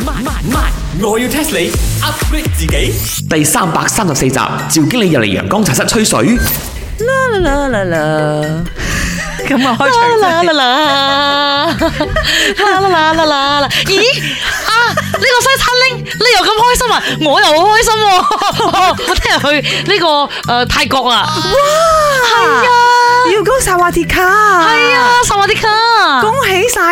賣賣賣！我要 test 你 upgrade 自己。第三百三十四集，趙經理入嚟陽光茶室吹水。咁我開茶。咦啊！呢個西餐廳，你又咁開心啊？我又好開心。我聽日去呢個誒泰國啊。哇！係啊，要講薩瓦迪卡。係啊，薩瓦迪卡。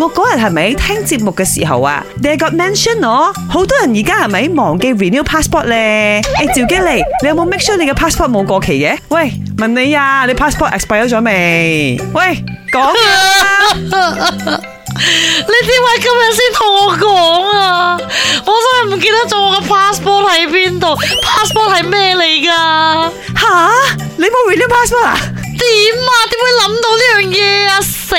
我嗰日係咪聽節目嘅時候啊？They got mention 我，好多人而家係咪忘記 renew passport 咧？誒，趙經理，你有冇 make sure 你嘅 passport 冇過期嘅？喂，問你啊，你 passport expired 咗未？喂，講啊！你點解今日先同我講啊？我真係唔記得咗我嘅 passport 喺邊度？passport 係咩嚟噶？吓，你冇 renew passport 啊？點啊？點會諗到呢樣嘢啊？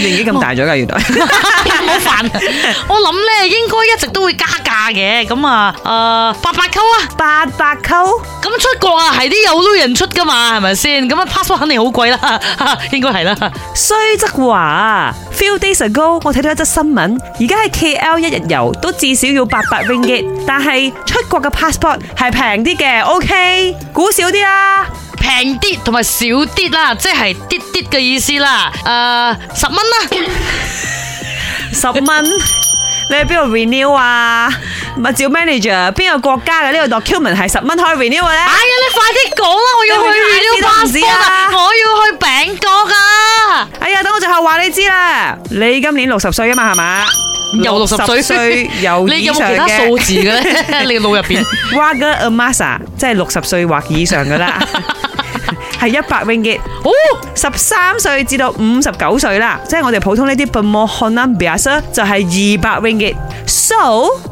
年紀咁大咗噶，原來好煩。我諗咧，應該一直都會加價嘅、啊呃啊元。咁啊，誒，八百蚊啊，八百蚊。咁出國啊，係啲有撈人出噶嘛，係咪先？咁啊，passport 肯定好貴啦，應該係啦。雖則話，few days ago，我睇到一則新聞，而家係 KL 一日遊都至少要八百 ringgit，但係出國嘅 passport 係平啲嘅，OK，估少啲啦。平啲同埋少啲啦，即係啲啲嘅意思啦。誒、呃，十蚊啦， 十蚊。你喺邊度 renew 啊？唔物照 manager 邊個國家嘅呢、這個 document 係十蚊開 renew 咧、啊？哎呀，你快啲講啦，我要去 renew 巴士啊！我要去餅角啊！哎呀，等我最後話你知啦。你今年六十歲啊嘛，係嘛？又六十歲又以上 有冇其他數字嘅咧？ 你腦入邊？Wager g a m a z a 即係六十歲或以上噶啦。係一百 ringgit，哦，十三歲至到五十九歲啦，即係我哋普通呢啲，不摩漢啦，唔阿 Sir 就係二百 ringgit。So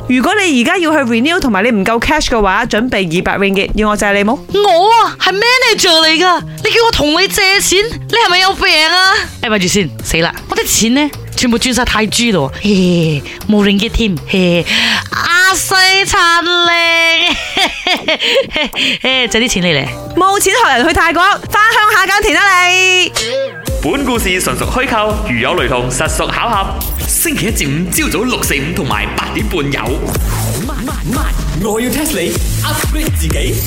如果你而家要去 renew，同埋你唔夠 cash 嘅話，準備二百 ringgit，要我借你冇？我啊係 manager 嚟噶，你叫我同你借錢，你係咪有病啊？哎、欸，咪住先，死啦！我啲錢咧全部轉晒泰銖咯，冇 ringgit 添。發誓趁利，借啲 錢你嚟。冇錢學人去泰國，翻鄉下耕田啦，啊、你。本故事純屬虛構，如有雷同，實屬巧合。星期一至五朝早六四五同埋八點半有。my ,我要 test 你 upgrade 自己。